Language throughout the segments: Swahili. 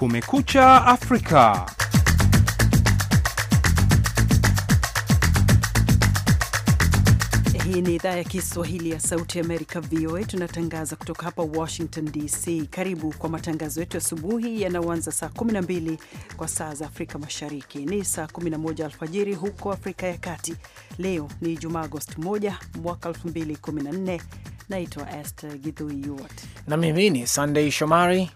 Kumekucha Afrika. Hii ni idhaa ya Kiswahili ya Sauti ya Amerika, VOA. Tunatangaza kutoka hapa Washington DC. Karibu kwa matangazo yetu asubuhi yanayoanza saa 12 kwa saa za Afrika Mashariki, ni saa 11 alfajiri huko Afrika ya Kati. Leo ni Jumaa, Agosti 1 mwaka 2014. Naitwa Esther Githui na mimi ni Sandei Shomari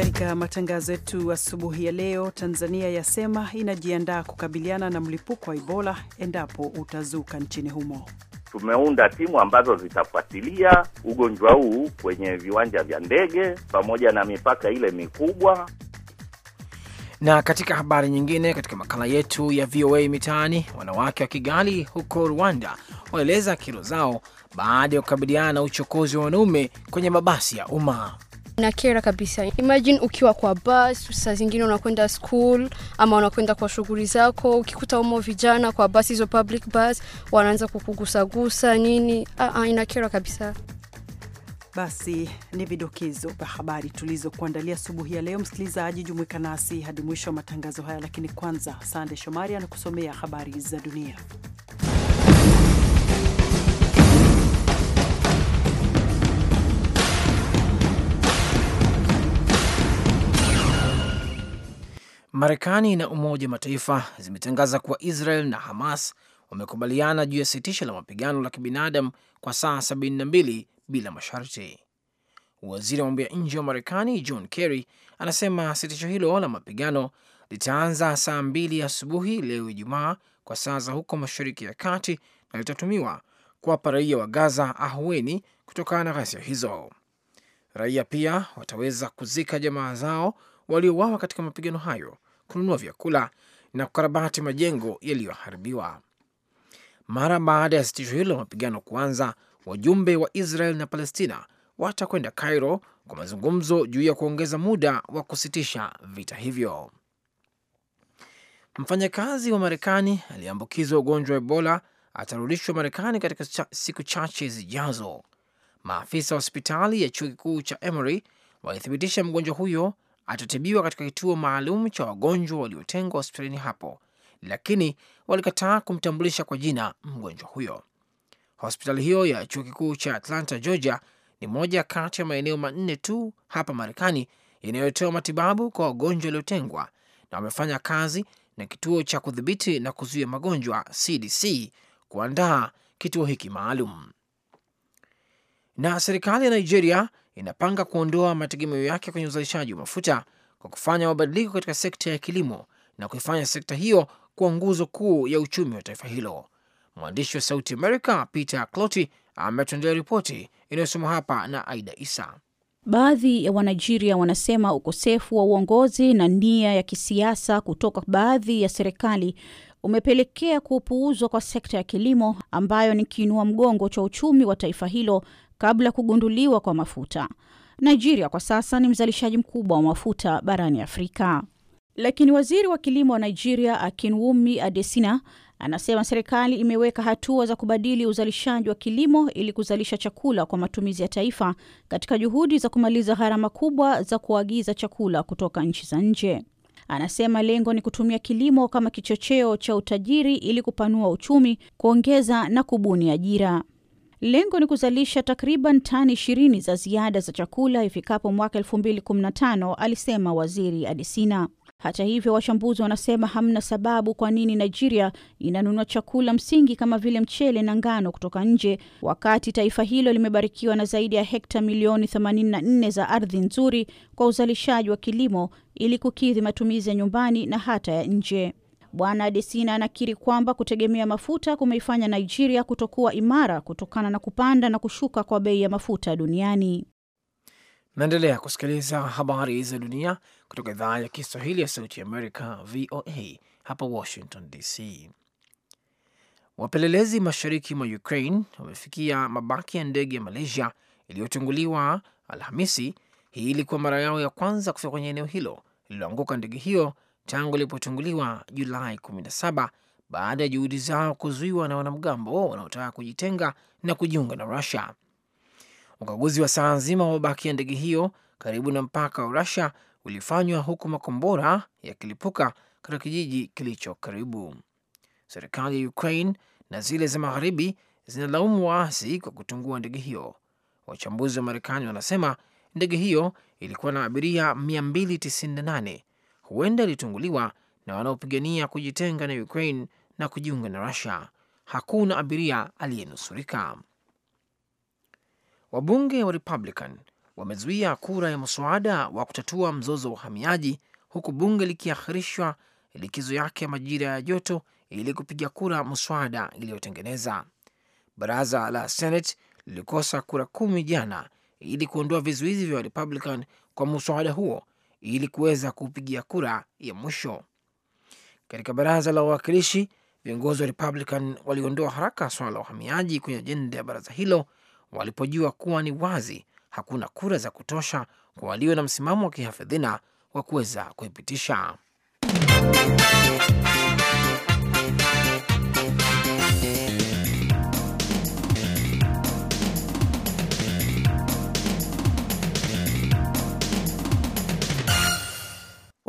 Katika matangazo yetu asubuhi ya leo, Tanzania yasema inajiandaa kukabiliana na mlipuko wa Ebola endapo utazuka nchini humo. Tumeunda timu ambazo zitafuatilia ugonjwa huu kwenye viwanja vya ndege pamoja na mipaka ile mikubwa. Na katika habari nyingine, katika makala yetu ya VOA Mitaani, wanawake wa Kigali huko Rwanda waeleza kero zao baada ya kukabiliana na uchokozi wa wanaume kwenye mabasi ya umma. Nakera kabisa. Imagine ukiwa kwa bus, saa zingine unakwenda school ama unakwenda kwa shughuli zako, ukikuta umo vijana kwa bus hizo public bus, wanaanza kukugusagusa nini, ah, ah, inakera kabisa. Basi ni vidokezo vya habari tulizokuandalia asubuhi ya leo. Msikilizaji, jumuika nasi hadi mwisho wa matangazo haya, lakini kwanza, Sande Shomari anakusomea habari za dunia. Marekani na Umoja wa Mataifa zimetangaza kuwa Israel na Hamas wamekubaliana juu ya sitisho la mapigano la kibinadamu kwa saa 72 bila masharti. Waziri wa mambo ya nje wa Marekani John Kerry anasema sitisho hilo la mapigano litaanza saa mbili asubuhi leo Ijumaa kwa saa za huko Mashariki ya Kati na litatumiwa kuwapa raia wa Gaza ahueni kutokana na ghasia hizo. Raia pia wataweza kuzika jamaa zao waliouawa katika mapigano hayo, kununua vyakula na kukarabati majengo yaliyoharibiwa. Mara baada ya sitisho hilo la mapigano kuanza, wajumbe wa Israel na Palestina watakwenda Cairo kwa mazungumzo juu ya kuongeza muda wa kusitisha vita hivyo. Mfanyakazi wa Marekani aliyeambukizwa ugonjwa wa Ebola atarudishwa Marekani katika cha, siku chache zijazo. Maafisa wa hospitali ya chuo kikuu cha Emory walithibitisha mgonjwa huyo atatibiwa katika kituo maalum cha wagonjwa waliotengwa hospitalini hapo, lakini walikataa kumtambulisha kwa jina mgonjwa huyo. Hospitali hiyo ya chuo kikuu cha Atlanta, Georgia, ni moja kati ya maeneo manne tu hapa Marekani yanayotoa matibabu kwa wagonjwa waliotengwa, na wamefanya kazi na kituo cha kudhibiti na kuzuia magonjwa CDC kuandaa kituo hiki maalum. Na serikali ya Nigeria inapanga kuondoa mategemeo yake kwenye uzalishaji wa mafuta kwa kufanya mabadiliko katika sekta ya kilimo na kuifanya sekta hiyo kuwa nguzo kuu ya uchumi wa taifa hilo. Mwandishi wa Sauti America Peter Cloti ametuandalia ripoti inayosoma hapa na Aida Isa. Baadhi ya Wanigeria wanasema ukosefu wa uongozi na nia ya kisiasa kutoka baadhi ya serikali umepelekea kupuuzwa kwa sekta ya kilimo ambayo ni kiinua mgongo cha uchumi wa taifa hilo kabla kugunduliwa kwa mafuta. Nigeria kwa sasa ni mzalishaji mkubwa wa mafuta barani Afrika. Lakini waziri wa kilimo wa Nigeria Akinwumi Adesina anasema serikali imeweka hatua za kubadili uzalishaji wa kilimo ili kuzalisha chakula kwa matumizi ya taifa katika juhudi za kumaliza gharama kubwa za kuagiza chakula kutoka nchi za nje. Anasema lengo ni kutumia kilimo kama kichocheo cha utajiri ili kupanua uchumi, kuongeza na kubuni ajira. Lengo ni kuzalisha takriban tani ishirini za ziada za chakula ifikapo mwaka tano, alisema Waziri Adesina. Hata hivyo, wachambuzi wanasema hamna sababu kwa nini Nigeria inanunua chakula msingi kama vile mchele na ngano kutoka nje, wakati taifa hilo limebarikiwa na zaidi ya hekta milioni 84 za ardhi nzuri kwa uzalishaji wa kilimo ili kukidhi matumizi ya nyumbani na hata ya nje. Bwana Adesina anakiri kwamba kutegemea mafuta kumeifanya Nigeria kutokuwa imara kutokana na kupanda na kushuka kwa bei ya mafuta duniani. Naendelea kusikiliza habari za dunia kutoka idhaa ya Kiswahili ya Sauti ya Amerika, VOA hapa Washington DC. Wapelelezi mashariki mwa Ukraine wamefikia mabaki ya ndege ya Malaysia iliyotunguliwa Alhamisi. Hii ilikuwa mara yao ya kwanza kufika kwenye eneo hilo lililoanguka ndege hiyo tangu ilipotunguliwa Julai 17 baada ya juhudi zao kuzuiwa na wanamgambo wanaotaka kujitenga na kujiunga na Rusia. Ukaguzi wa saa nzima wa mabaki ya ndege hiyo karibu na mpaka wa Rusia ulifanywa huku makombora yakilipuka katika kijiji kilicho karibu. Serikali ya Ukraine na zile za magharibi zinalaumu waasi kwa kutungua ndege hiyo. Wachambuzi wa Marekani wanasema ndege hiyo ilikuwa na abiria 298 huenda ilitunguliwa na wanaopigania kujitenga na Ukraine na kujiunga na Rusia. Hakuna abiria aliyenusurika. Wabunge wa Republican wamezuia kura ya mswada wa kutatua mzozo wa uhamiaji huku bunge likiahirishwa likizo yake ya majira ya joto ili kupiga kura mswada iliyotengeneza. Baraza la Senate lilikosa kura kumi jana ili kuondoa vizuizi vya Republican kwa mswada huo ili kuweza kupigia kura ya mwisho. Katika baraza la wawakilishi, viongozi wa Republican waliondoa haraka swala la uhamiaji kwenye ajenda ya baraza hilo walipojua kuwa ni wazi hakuna kura za kutosha kwa walio na msimamo wa kihafidhina wa kuweza kuipitisha.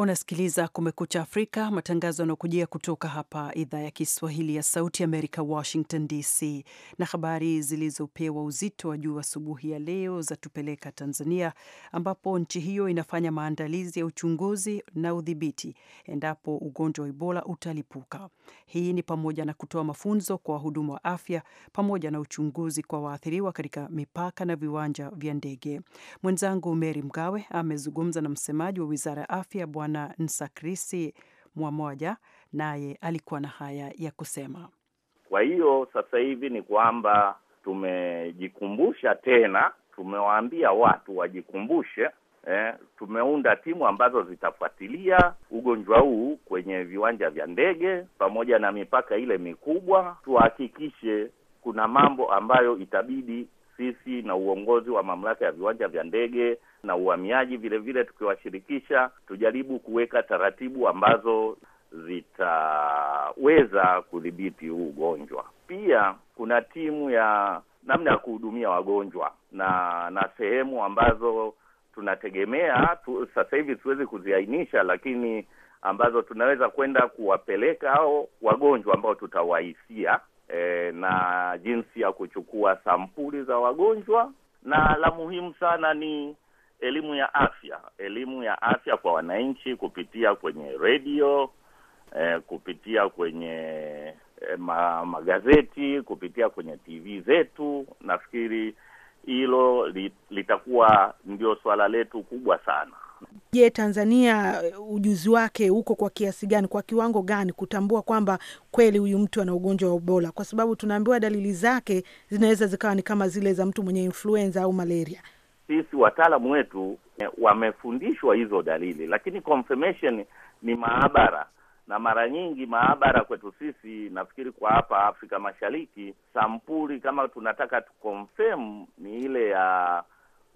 Unasikiliza Kumekucha Afrika, matangazo yanaokujia kutoka hapa idhaa ya Kiswahili ya Sauti Amerika, Washington DC. Na habari zilizopewa uzito wa juu asubuhi ya leo za tupeleka Tanzania, ambapo nchi hiyo inafanya maandalizi ya uchunguzi na udhibiti endapo ugonjwa wa Ebola utalipuka. Hii ni pamoja na kutoa mafunzo kwa wahudumu wa afya pamoja na uchunguzi kwa waathiriwa katika mipaka na viwanja vya ndege. Mwenzangu mery Mgawe amezungumza na msemaji wa wizara ya afya Bwana Bwana Nsakrisi Mwamoja naye alikuwa na haya ya kusema. Kwa hiyo sasa hivi ni kwamba tumejikumbusha tena, tumewaambia watu wajikumbushe eh, tumeunda timu ambazo zitafuatilia ugonjwa huu kwenye viwanja vya ndege pamoja na mipaka ile mikubwa, tuhakikishe kuna mambo ambayo itabidi taasisi na uongozi wa mamlaka ya viwanja vya ndege na uhamiaji vilevile, tukiwashirikisha tujaribu kuweka taratibu ambazo zitaweza kudhibiti huu ugonjwa. Pia kuna timu ya namna ya kuhudumia wagonjwa na na sehemu ambazo tunategemea tu, sasa hivi siwezi kuziainisha, lakini ambazo tunaweza kwenda kuwapeleka hao wagonjwa ambao tutawahisia e, na jinsi ya kuchukua sampuli za wagonjwa, na la muhimu sana ni elimu ya afya, elimu ya afya kwa wananchi kupitia kwenye redio e, eh, kupitia kwenye e, ma, magazeti, kupitia kwenye TV zetu. Nafikiri hilo litakuwa ndio suala letu kubwa sana. Je, Tanzania eh, ujuzi wake uko kwa kiasi gani, kwa kiwango gani kutambua kwamba kweli huyu mtu ana ugonjwa wa Ebola? Kwa sababu tunaambiwa dalili zake zinaweza zikawa ni kama zile za mtu mwenye influenza au malaria. Sisi wataalamu wetu eh, wamefundishwa hizo dalili, lakini confirmation ni maabara, na mara nyingi maabara kwetu sisi, nafikiri kwa hapa Afrika Mashariki, sampuli kama tunataka tuconfirm ni ile ya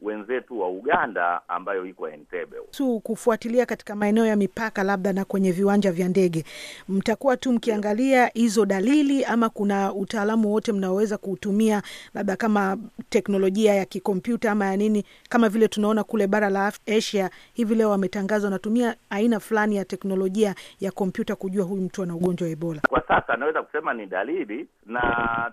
wenzetu wa Uganda ambayo iko Entebbe. Su kufuatilia katika maeneo ya mipaka, labda na kwenye viwanja vya ndege, mtakuwa tu mkiangalia hizo dalili, ama kuna utaalamu wote mnaoweza kuutumia, labda kama teknolojia ya kikompyuta ama ya nini, kama vile tunaona kule bara la Asia hivi leo wametangaza wanatumia aina fulani ya teknolojia ya kompyuta kujua huyu mtu ana ugonjwa wa Ebola. Kwa sasa naweza kusema ni dalili, na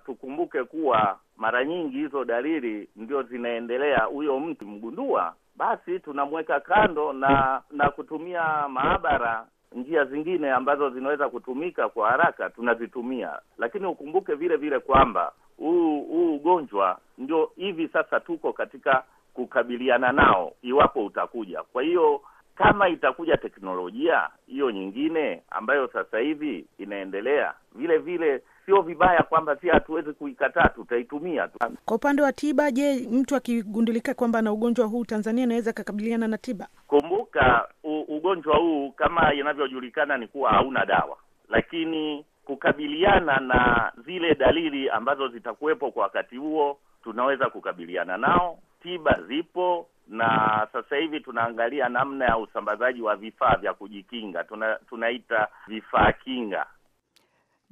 tukumbuke kuwa mara nyingi hizo dalili ndio zinaendelea, huyo mtu mgundua, basi tunamweka kando na na kutumia maabara njia zingine ambazo zinaweza kutumika kwa haraka tunazitumia, lakini ukumbuke vile vile kwamba huu huu ugonjwa ndio hivi sasa tuko katika kukabiliana nao, iwapo utakuja. Kwa hiyo kama itakuja teknolojia hiyo nyingine ambayo sasa hivi inaendelea, vile vile sio vibaya kwamba si hatuwezi kuikataa, tutaitumia tu. Kwa upande wa tiba, je, mtu akigundulika kwamba ana ugonjwa huu Tanzania anaweza akakabiliana na tiba? Kumbuka u, ugonjwa huu kama inavyojulikana ni kuwa hauna dawa, lakini kukabiliana na zile dalili ambazo zitakuwepo kwa wakati huo tunaweza kukabiliana nao. Tiba zipo na sasa hivi tunaangalia namna ya usambazaji wa vifaa vya kujikinga, tuna, tunaita vifaa kinga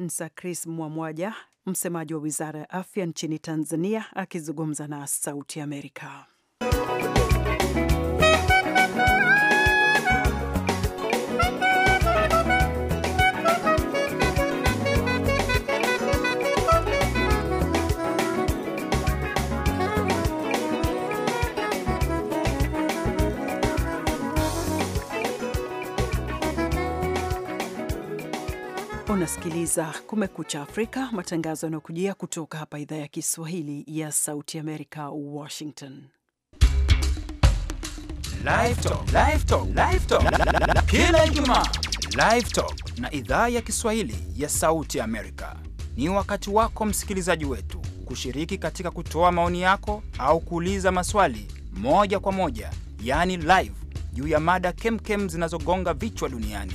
Nsakris Mwamwaja, msemaji wa wizara ya afya nchini Tanzania, akizungumza na Sauti Amerika. Unasikiliza Kumekucha Afrika, matangazo yanayokujia kutoka hapa idhaa ya Kiswahili ya Sauti Amerika, Washington. Kila Ijumaa livetok na idhaa ya Kiswahili ya Sauti Amerika ni wakati wako msikilizaji wetu kushiriki katika kutoa maoni yako au kuuliza maswali moja kwa moja, yaani live, juu ya mada kemkem zinazogonga vichwa duniani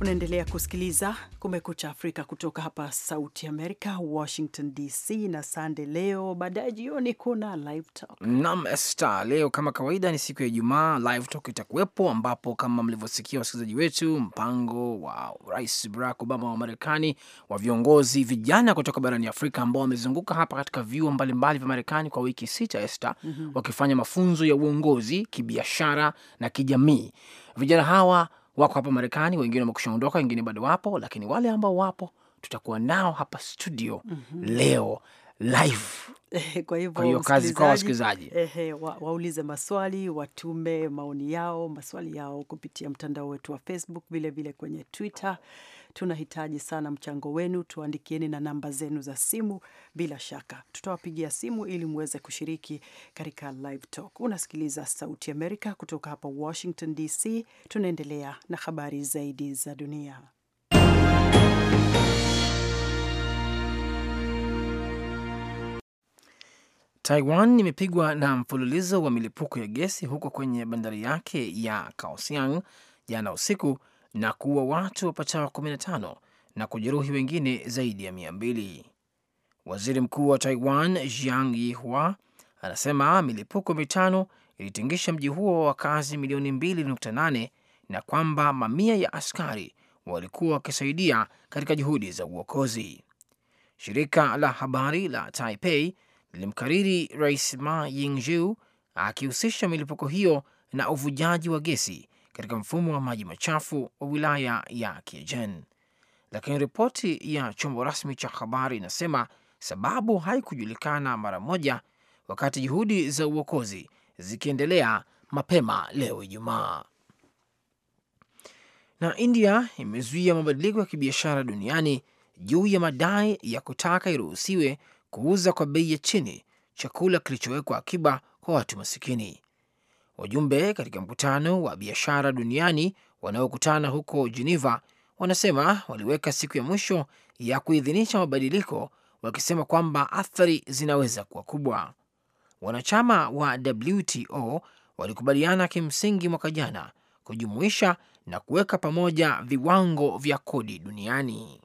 Unaendelea kusikiliza Kumekucha Afrika kutoka hapa Sauti Amerika, Washington DC. Na sande, leo baadaye jioni kuna live talk. Naam Esta, leo kama kawaida ni siku ya Ijumaa, live talk itakuwepo, ambapo kama mlivyosikia wasikilizaji wetu, mpango wa Rais Barack Obama wa Marekani wa viongozi vijana kutoka barani Afrika ambao wamezunguka hapa katika vyuo mbalimbali vya Marekani kwa wiki sita, Esta, mm -hmm. wakifanya mafunzo ya uongozi kibiashara na kijamii. Vijana hawa wako hapa Marekani, wengine wamekushaondoka, wengine bado wapo, lakini wale ambao wapo tutakuwa nao hapa studio mm -hmm. leo live eh, kwa hivyo kazi kwa wasikilizaji wa, waulize maswali, watume maoni yao, maswali yao kupitia mtandao wetu wa Facebook, vilevile kwenye Twitter tunahitaji sana mchango wenu. Tuandikieni na namba zenu za simu, bila shaka tutawapigia simu ili mweze kushiriki katika live talk. Unasikiliza Sauti Amerika kutoka hapa Washington DC. Tunaendelea na habari zaidi za dunia. Taiwan imepigwa na mfululizo wa milipuko ya gesi huko kwenye bandari yake ya Kaohsiung jana usiku na kuua watu wapatao 15 na kujeruhi wengine zaidi ya 200. Waziri mkuu wa Taiwan Jiang Yihua anasema milipuko mitano ilitingisha mji huo wa wakazi milioni 2.8 na kwamba mamia ya askari walikuwa wakisaidia katika juhudi za uokozi. Shirika la habari la Taipei lilimkariri Rais Ma Ying-jeou akihusisha milipuko hiyo na uvujaji wa gesi katika mfumo wa maji machafu wa wilaya ya Kiejen, lakini ripoti ya chombo rasmi cha habari inasema sababu haikujulikana mara moja, wakati juhudi za uokozi zikiendelea mapema leo Ijumaa. Na India imezuia mabadiliko ya kibiashara duniani juu ya madai ya kutaka iruhusiwe kuuza kwa bei ya chini chakula kilichowekwa akiba kwa watu masikini. Wajumbe katika mkutano wa biashara duniani wanaokutana huko Geneva wanasema waliweka siku ya mwisho ya kuidhinisha mabadiliko, wakisema kwamba athari zinaweza kuwa kubwa. Wanachama wa WTO walikubaliana kimsingi mwaka jana kujumuisha na kuweka pamoja viwango vya kodi duniani.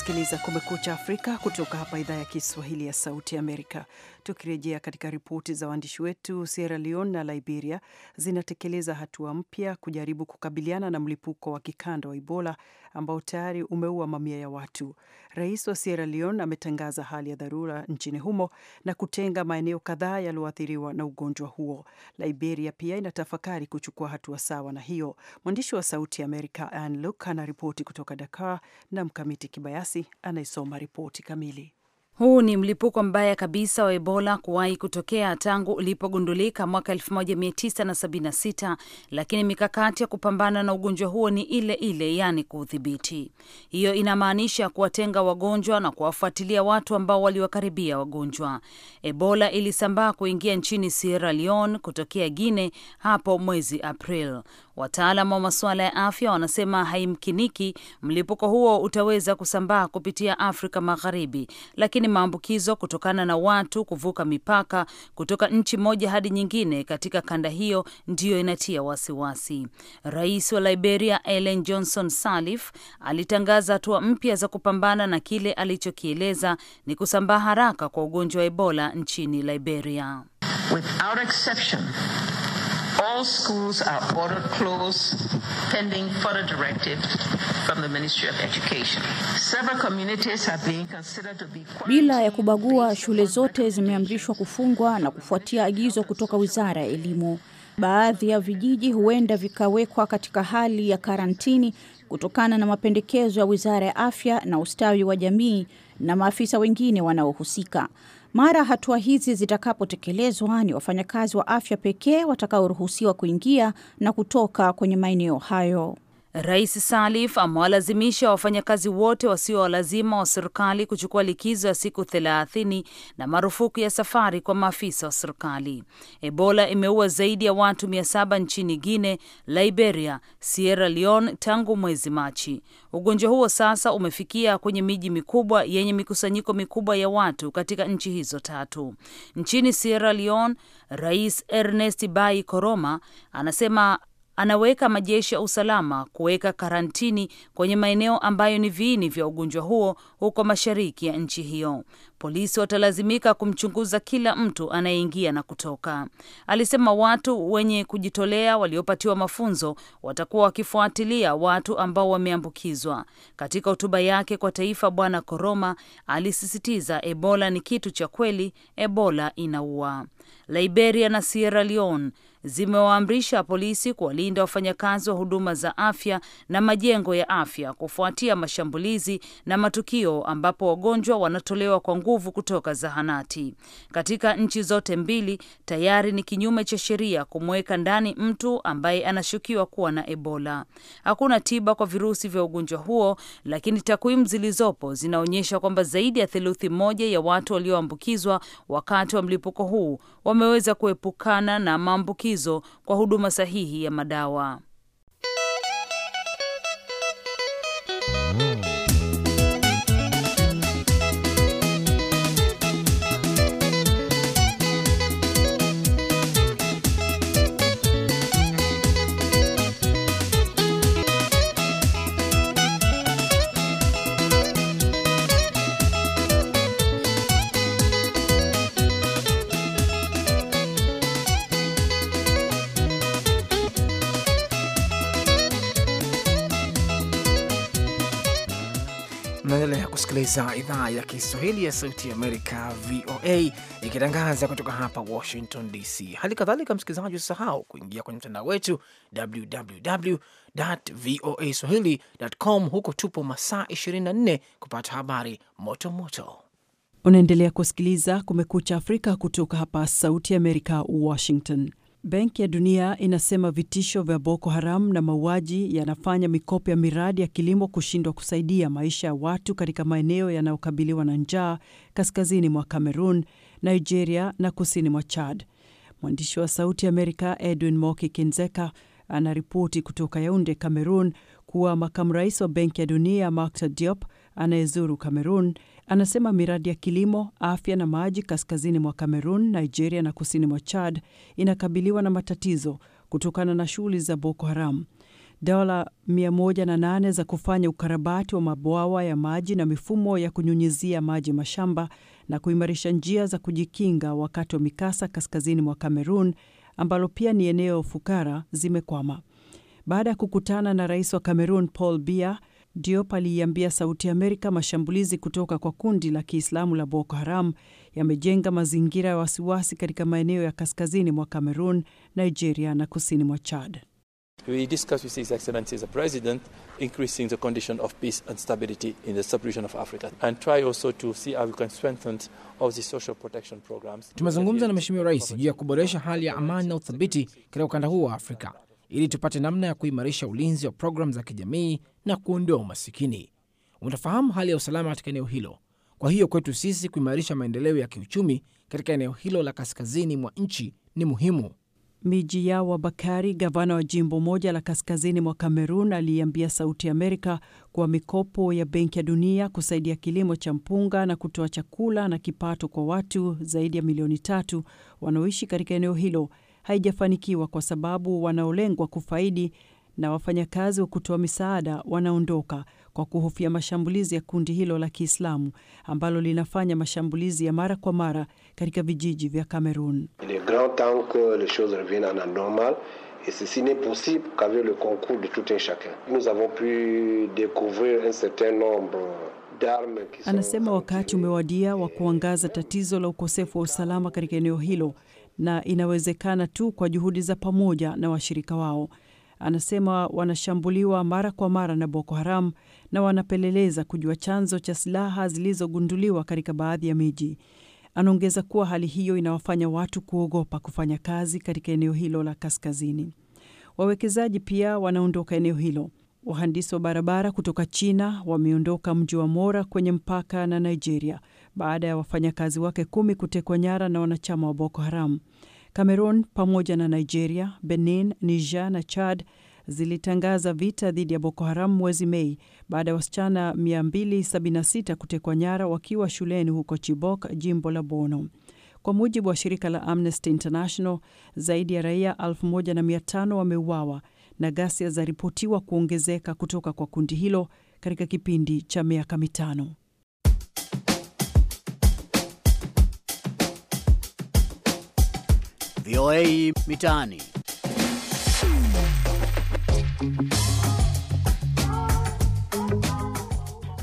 unasikiliza Kumekucha Afrika kutoka hapa idhaa ya Kiswahili ya Sauti Amerika. Tukirejea katika ripoti za waandishi wetu, Sierra Leone na Liberia zinatekeleza hatua mpya kujaribu kukabiliana na mlipuko wa kikanda wa Ebola ambao tayari umeua mamia ya watu. Rais wa Sierra Leone ametangaza hali ya dharura nchini humo na kutenga maeneo kadhaa yaliyoathiriwa na ugonjwa huo. Liberia pia inatafakari kuchukua hatua sawa na hiyo. Mwandishi wa Sauti ya Amerika Ann anaripoti kutoka Dakar na Mkamiti Kibayasi anayesoma ripoti kamili. Huu ni mlipuko mbaya kabisa wa Ebola kuwahi kutokea tangu ulipogundulika mwaka 1976, lakini mikakati ya kupambana na ugonjwa huo ni ile ile, yaani kuudhibiti. Hiyo inamaanisha kuwatenga wagonjwa na kuwafuatilia watu ambao waliwakaribia wagonjwa. Ebola ilisambaa kuingia nchini Sierra Leone kutokea Guinea hapo mwezi April wataalam wa masuala ya afya wanasema haimkiniki mlipuko huo utaweza kusambaa kupitia Afrika Magharibi, lakini maambukizo kutokana na watu kuvuka mipaka kutoka nchi moja hadi nyingine katika kanda hiyo ndiyo inatia wasiwasi. Rais wa Liberia Ellen Johnson Sirleaf alitangaza hatua mpya za kupambana na kile alichokieleza ni kusambaa haraka kwa ugonjwa wa Ebola nchini Liberia. Without exception All schools are ordered closed pending further directive from the Ministry of Education. Several communities are being considered to be quarantined. Bila ya kubagua, shule zote zimeamrishwa kufungwa na kufuatia agizo kutoka Wizara ya Elimu. Baadhi ya vijiji huenda vikawekwa katika hali ya karantini kutokana na mapendekezo ya Wizara ya Afya na Ustawi wa Jamii na maafisa wengine wanaohusika. Mara hatua hizi zitakapotekelezwa, ni wafanyakazi wa afya pekee watakaoruhusiwa kuingia na kutoka kwenye maeneo hayo. Rais Salif amewalazimisha wafanyakazi wote wasio walazima wa serikali kuchukua likizo ya siku thelathini na marufuku ya safari kwa maafisa wa serikali. Ebola imeua zaidi ya watu mia saba nchini Guine, Liberia, Sierra Leone tangu mwezi Machi. Ugonjwa huo sasa umefikia kwenye miji mikubwa yenye mikusanyiko mikubwa ya watu katika nchi hizo tatu. Nchini Sierra Leone, Rais Ernest Bai Koroma anasema anaweka majeshi ya usalama kuweka karantini kwenye maeneo ambayo ni viini vya ugonjwa huo huko mashariki ya nchi hiyo. Polisi watalazimika kumchunguza kila mtu anayeingia na kutoka. Alisema watu wenye kujitolea waliopatiwa mafunzo watakuwa wakifuatilia watu ambao wameambukizwa. Katika hotuba yake kwa taifa, Bwana Koroma alisisitiza Ebola ni kitu cha kweli, Ebola inaua. Liberia na Sierra Leone zimewaamrisha polisi kuwalinda wafanyakazi wa huduma za afya na majengo ya afya kufuatia mashambulizi na matukio ambapo wagonjwa wanatolewa kwa nguvu kutoka zahanati. Katika nchi zote mbili, tayari ni kinyume cha sheria kumweka ndani mtu ambaye anashukiwa kuwa na Ebola. Hakuna tiba kwa virusi vya ugonjwa huo, lakini takwimu zilizopo zinaonyesha kwamba zaidi ya theluthi moja ya watu walioambukizwa wakati wa mlipuko huu wameweza kuepukana na maambukizi shinikizo kwa huduma sahihi ya madawa. kusikiliza idhaa ya Kiswahili ya Sauti ya Amerika, VOA, ikitangaza kutoka hapa Washington DC. Hali kadhalika, msikilizaji, usisahau kuingia kwenye mtandao wetu www voa swahili.com. Huko tupo masaa 24 kupata habari motomoto moto. Unaendelea kusikiliza Kumekucha Afrika kutoka hapa Sauti ya Amerika, Washington. Benki ya Dunia inasema vitisho vya Boko Haram na mauaji yanafanya mikopo ya miradi ya kilimo kushindwa kusaidia maisha ya watu katika maeneo yanayokabiliwa na njaa kaskazini mwa Cameroon, Nigeria na kusini mwa Chad. Mwandishi wa Sauti Amerika Edwin Moki Kinzeka anaripoti kutoka Yaunde, Cameroon, kuwa makamu rais wa Benki ya Dunia Makhtar Diop anayezuru Cameroon Anasema miradi ya kilimo, afya na maji kaskazini mwa Cameroon, Nigeria na kusini mwa Chad inakabiliwa na matatizo kutokana na shughuli za Boko Haram. Dola 108 za kufanya ukarabati wa mabwawa ya maji na mifumo ya kunyunyizia maji mashamba na kuimarisha njia za kujikinga wakati wa mikasa kaskazini mwa cameron ambalo pia ni eneo fukara zimekwama. Baada ya kukutana na rais wa Cameroon Paul Biya Diop aliiambia Sauti ya Amerika mashambulizi kutoka kwa kundi la Kiislamu la Boko Haram yamejenga mazingira ya wasiwasi katika maeneo ya kaskazini mwa Cameroon, Nigeria na kusini mwa Chad. Tumezungumza na Mheshimiwa Rais juu ya kuboresha hali ya amani na uthabiti katika ukanda huu wa Afrika ili tupate namna ya kuimarisha ulinzi wa programu za kijamii na kuondoa umasikini. Unafahamu hali ya usalama katika eneo hilo, kwa hiyo kwetu sisi kuimarisha maendeleo ya kiuchumi katika eneo hilo la kaskazini mwa nchi ni muhimu. miji wa Bakari, gavana wa jimbo moja la kaskazini mwa Kamerun, aliiambia Sauti ya Amerika kuwa mikopo ya Benki ya Dunia kusaidia kilimo cha mpunga na kutoa chakula na kipato kwa watu zaidi ya milioni tatu wanaoishi katika eneo hilo haijafanikiwa kwa sababu wanaolengwa kufaidi na wafanyakazi wa kutoa misaada wanaondoka kwa kuhofia mashambulizi ya kundi hilo la Kiislamu ambalo linafanya mashambulizi ya mara kwa mara katika vijiji vya Cameroon. Et ceci n'est possible qu'avec le concours de tout un chacun. Nous avons pu découvrir un certain nombre Anasema wakati umewadia wa kuangaza tatizo la ukosefu wa usalama katika eneo hilo na inawezekana tu kwa juhudi za pamoja na washirika wao. Anasema wanashambuliwa mara kwa mara na Boko Haram na wanapeleleza kujua chanzo cha silaha zilizogunduliwa katika baadhi ya miji. Anaongeza kuwa hali hiyo inawafanya watu kuogopa kufanya kazi katika eneo hilo la kaskazini. Wawekezaji pia wanaondoka eneo hilo. Wahandisi wa barabara kutoka China wameondoka mji wa Mora kwenye mpaka na Nigeria baada ya wafanyakazi wake kumi kutekwa nyara na wanachama wa Boko Haram. Cameroon pamoja na Nigeria, Benin, Niger na Chad zilitangaza vita dhidi ya Boko Haram mwezi Mei baada ya wasichana 276 kutekwa nyara wakiwa shuleni huko Chibok, jimbo la Bono. Kwa mujibu wa shirika la Amnesty International, zaidi ya raia 1500 wameuawa na ghasia zaripotiwa kuongezeka kutoka kwa kundi hilo katika kipindi cha miaka mitano. VOA Mitaani.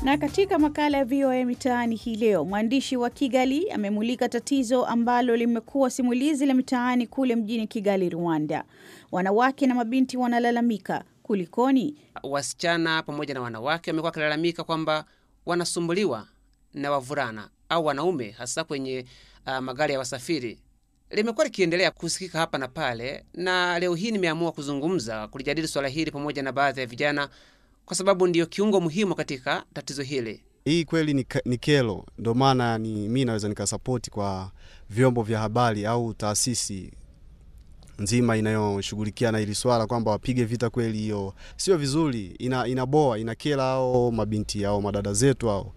Na katika makala ya VOA Mitaani hii leo, mwandishi wa Kigali amemulika tatizo ambalo limekuwa simulizi la mitaani kule mjini Kigali, Rwanda. Wanawake na mabinti wanalalamika kulikoni? Wasichana pamoja na wanawake wamekuwa wakilalamika kwamba wanasumbuliwa na wavulana au wanaume, hasa kwenye uh, magari ya wasafiri limekuwa likiendelea kusikika hapa na pale, na leo hii nimeamua kuzungumza kulijadili swala hili pamoja na baadhi ya vijana, kwa sababu ndiyo kiungo muhimu katika tatizo hili. Hii kweli ni, ni kelo, ndo maana ni mi naweza nikasapoti kwa vyombo vya habari au taasisi nzima inayoshughulikia na hili swala kwamba wapige vita kweli, hiyo sio vizuri, ina inaboa inakela hao mabinti au madada zetu hao.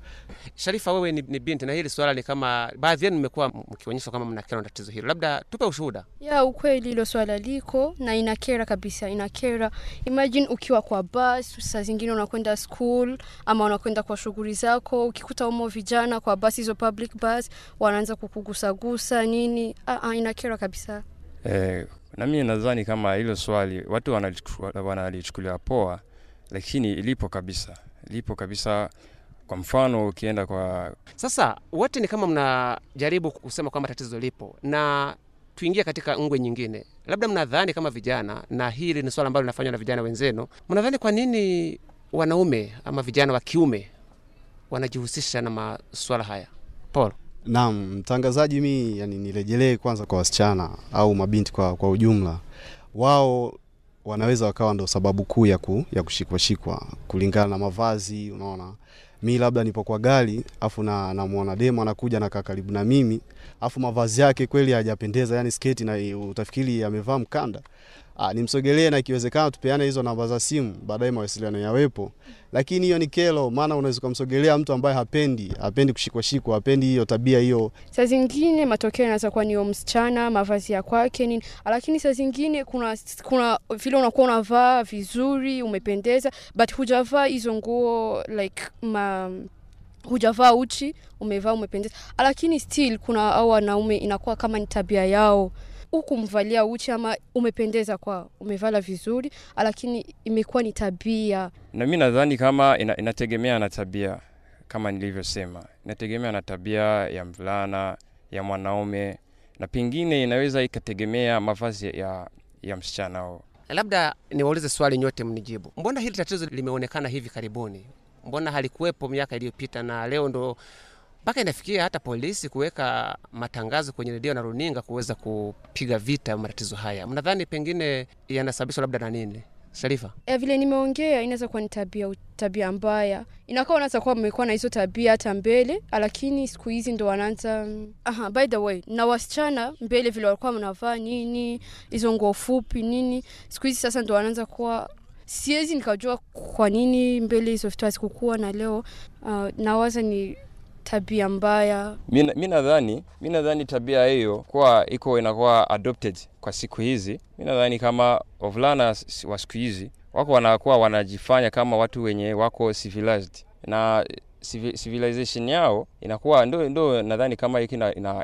Sharifa, wewe ni, ni binti na hili swala ni kama baadhi yenu mmekuwa mkionyesha kama mnakera na tatizo hilo, labda tupe ushuhuda. Ya ukweli hilo swala liko na inakera kabisa, inakera. Imagine ukiwa kwa bus, saa zingine unakwenda school ama unakwenda kwa shughuli zako, ukikuta umo vijana kwa bus hizo public bus wanaanza kukugusagusa nini, a ah, ah inakera kabisa eh. Na mimi nadhani kama hilo swali watu wanalichukulia poa, lakini lipo kabisa, lipo kabisa. Kwa mfano ukienda kwa sasa, wote ni kama mnajaribu kusema kwamba tatizo lipo, na tuingie katika ngwe nyingine. Labda mnadhani kama vijana, na hili ni swala ambalo linafanywa na vijana wenzenu, mnadhani kwa nini wanaume ama vijana wa kiume wanajihusisha na maswala haya? Paul, Naam, mtangazaji, mi yani nirejelee kwanza kwa wasichana au mabinti kwa, kwa ujumla, wao wanaweza wakawa ndo sababu kuu ya, ku, ya kushikwashikwa kulingana na mavazi. Unaona, mi labda nipo kwa gari afu na namuona anakuja nakaa karibu na mimi afu mavazi yake kweli hajapendeza, yani sketi na utafikiri amevaa mkanda. Ah, nimsogelee na ikiwezekana tupeane hizo namba za simu, baadaye mawasiliano yawepo. Lakini hiyo ni kelo, maana unaweza kumsogelea mtu ambaye hapendi, hapendi kushikwa shikwa, hapendi hiyo tabia hiyo. Saa zingine matokeo yanaweza kuwa ni msichana, mavazi ya kwake nini, lakini saa zingine kuna kuna vile unakuwa unavaa vizuri, umependeza, but hujavaa hizo nguo like ma hujavaa uchi, umevaa umependeza, lakini still kuna au wanaume inakuwa kama ni tabia yao huku mvalia uchi ama umependeza kwa umevala vizuri, lakini imekuwa ni tabia. Na mi nadhani kama ina, inategemea na tabia kama nilivyosema, inategemea na tabia ya mvulana ya mwanaume, na pengine inaweza ikategemea mavazi ya, ya msichana. Labda niwaulize swali nyote mnijibu, mbona hili tatizo limeonekana hivi karibuni? mbona halikuwepo miaka iliyopita, na leo ndo mpaka inafikia hata polisi kuweka matangazo kwenye redio na runinga kuweza kupiga vita matatizo haya. Mnadhani pengine yanasababishwa labda na nini? Sharifa, e, vile nimeongea inaweza kuwa ni tabia tabia mbaya, inakuwa unaweza kuwa mmekuwa na hizo tabia hata mbele, lakini siku hizi ndo wanaanza. Aha, by the way, na wasichana mbele vile walikuwa mnavaa nini, hizo nguo fupi nini, siku hizi sasa ndo wanaanza kuwa siwezi nikajua kwa nini mbele hizo vitu hazikukuwa na leo. Uh, nawaza ni tabia mbaya. Mi nadhani mi nadhani tabia hiyo kuwa iko inakuwa adopted kwa siku hizi. Mi nadhani kama wavulana wa siku hizi wako wanakuwa wanajifanya kama watu wenye wako civilized na civilization yao inakuwa ndo, ndo nadhani kama hiki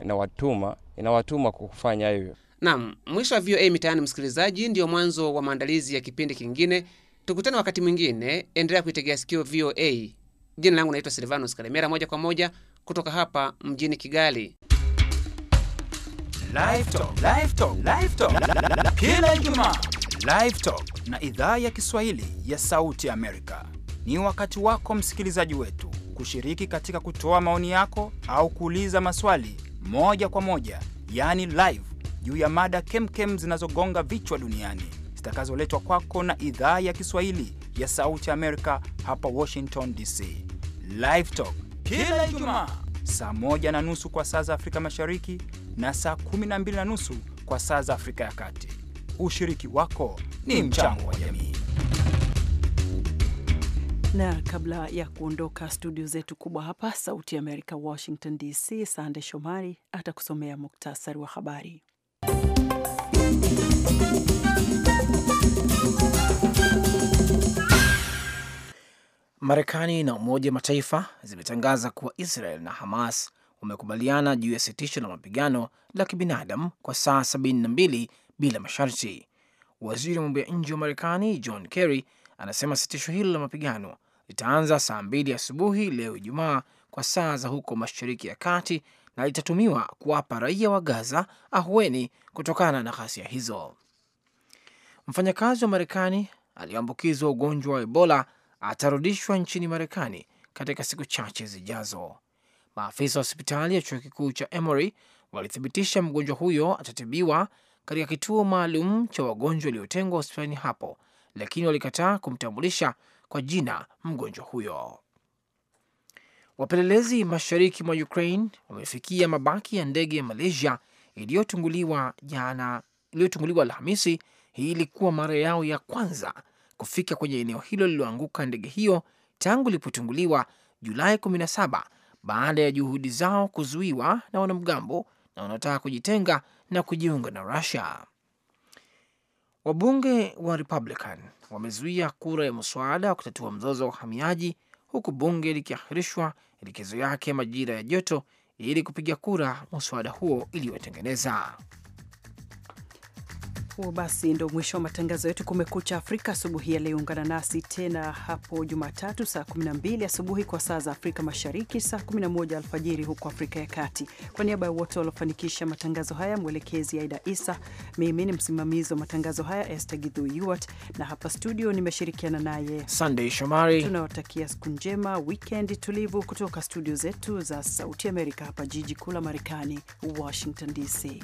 inawatuma ina, inawatuma kufanya hivyo. Naam, mwisho wa VOA Mitaani msikilizaji, ndiyo mwanzo wa maandalizi ya kipindi kingine. Tukutane wakati mwingine, endelea kuitegea sikio VOA. Jina langu naitwa Silvanus Karemera, moja kwa moja kutoka hapa mjini Kigali. kila Ijumaa. na idhaa ya Kiswahili ya Sauti Amerika ni wakati wako msikilizaji wetu kushiriki katika kutoa maoni yako au kuuliza maswali moja kwa moja, yani live juu ya mada kemkem zinazogonga vichwa duniani zitakazoletwa kwako na idhaa ya Kiswahili ya Sauti Amerika hapa Washington DC. Live Talk kila Ijumaa saa moja na nusu kwa saa za Afrika Mashariki na saa kumi na mbili na nusu kwa saa za Afrika ya Kati. Ushiriki wako ni mchango wa jamii na kabla ya kuondoka studio zetu kubwa hapa Sauti ya Amerika, Washington DC, Sande Shomari atakusomea muktasari wa habari. Marekani na Umoja wa Mataifa zimetangaza kuwa Israel na Hamas wamekubaliana juu ya sitisho la mapigano la kibinadamu kwa saa 72 bila masharti. Waziri wa mambo ya nje wa Marekani John Kerry anasema sitisho hilo la mapigano litaanza saa mbili asubuhi leo Ijumaa kwa saa za huko Mashariki ya Kati na litatumiwa kuwapa raia wa Gaza ahueni kutokana na ghasia hizo. Mfanyakazi wa Marekani aliyeambukizwa ugonjwa wa Ebola atarudishwa nchini Marekani katika siku chache zijazo. Maafisa wa hospitali ya chuo kikuu cha Emory walithibitisha mgonjwa huyo atatibiwa katika kituo maalum cha wagonjwa waliotengwa hospitalini hapo, lakini walikataa kumtambulisha kwa jina mgonjwa huyo. Wapelelezi mashariki mwa Ukraine wamefikia mabaki ya ndege ya Malaysia iliyotunguliwa jana, iliyotunguliwa Alhamisi. Hii ilikuwa mara yao ya kwanza kufika kwenye eneo hilo lililoanguka ndege hiyo tangu ilipotunguliwa Julai 17 baada ya juhudi zao kuzuiwa na wanamgambo na wanaotaka kujitenga na kujiunga na Russia. Wabunge wa Republican wamezuia kura ya mswada wa kutatua mzozo wa uhamiaji huku bunge likiahirishwa elekezo yake majira ya joto ili kupiga kura muswada huo iliyotengeneza huo basi ndo mwisho wa matangazo yetu Kumekucha Afrika asubuhi ya leo. Ungana nasi tena hapo Jumatatu saa 12 asubuhi kwa saa za Afrika Mashariki, saa 11 alfajiri huko Afrika ya Kati. Kwa niaba ya wote waliofanikisha matangazo haya, mwelekezi Aida Isa, mimi ni msimamizi wa matangazo haya Esther Githu Yuat, na hapa studio nimeshirikiana naye sandey Shomari. Tunawatakia siku njema, wikendi tulivu, kutoka studio zetu za Sauti Amerika hapa jiji kuu la Marekani, Washington DC.